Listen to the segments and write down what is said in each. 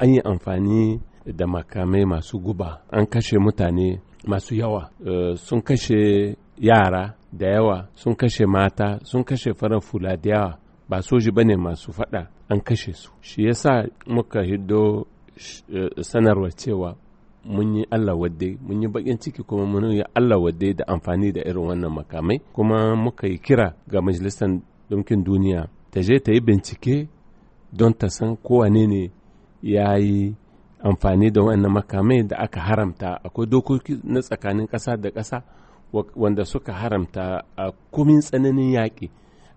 an yi amfani da makamai masu guba an kashe mutane masu yawa eh, sun kashe yara da yawa sun kashe mata sun kashe farar fula da yawa ba soji bane masu fada an kashe su shi yasa muka hiddo eh, sanarwa cewa mun yi Allah wadde mun yi bakin ciki kuma mun yi Allah wadde da amfani da irin wannan makamai kuma muka yi kira ga majalisar ɗinkin duniya ta je ta yi bincike don ta san kowane ne ya yi amfani da wannan makamai da aka haramta akwai dokoki na tsakanin ƙasa da ƙasa wanda suka haramta a kumin tsananin yaƙi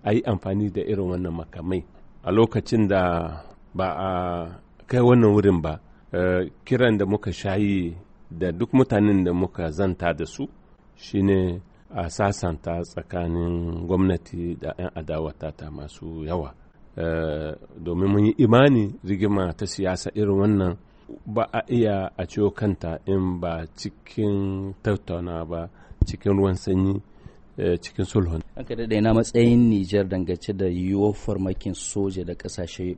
a yi amfani da irin wannan makamai a lokacin da ba a kai wannan wurin ba eh, kiran da muka shayi da duk mutanen da muka zanta da su shine a sasanta tsakanin gwamnati da 'yan adawata ta masu yawa domin mun yi imani rigima ta siyasa irin wannan ba a iya a ciwo kanta in ba cikin tattauna ba cikin ruwan sanyi eh, cikin sulhun. Aka daɗe na matsayin Nijar dangance da yiwuwar farmakin soja da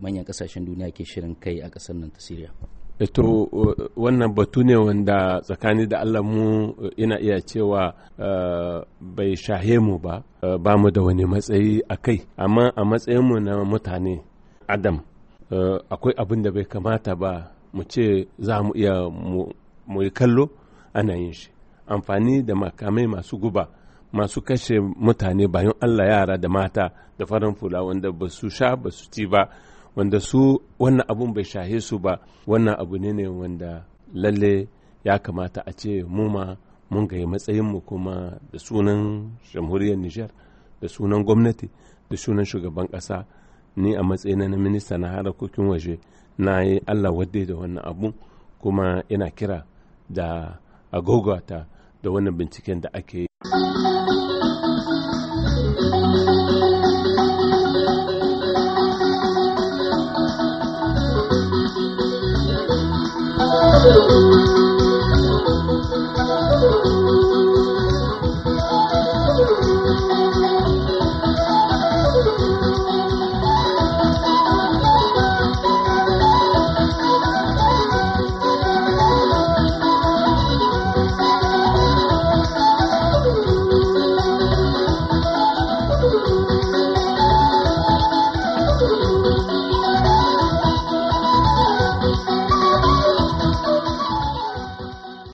manyan ƙasashen duniya ke shirin kai a ƙasar nan ta Siriya. Eh, to eh, wannan batu ne wanda tsakani da Allah mu eh, ina iya cewa bai shahe mu ba ba mu da wani matsayi a kai amma a matsayin matsayinmu na mutane adam akwai abin da bai kamata ba mu ce za mu iya mu yi kallo ana yin shi amfani da makamai masu guba masu kashe mutane bayan Allah yara da mata da farin fula wanda ba su sha ba su ci ba wanda su wannan abun bai shahe su ba wannan abu ne ne wanda lalle ya kamata a ce mu ma mun matsayin matsayinmu kuma da sunan jamhuriyar nijar da sunan gwamnati da sunan shugaban ƙasa ni a matsayina na minista na harakokin waje na yi allah wadde da wannan abu kuma ina kira da agogata da wannan binciken da ake yi Música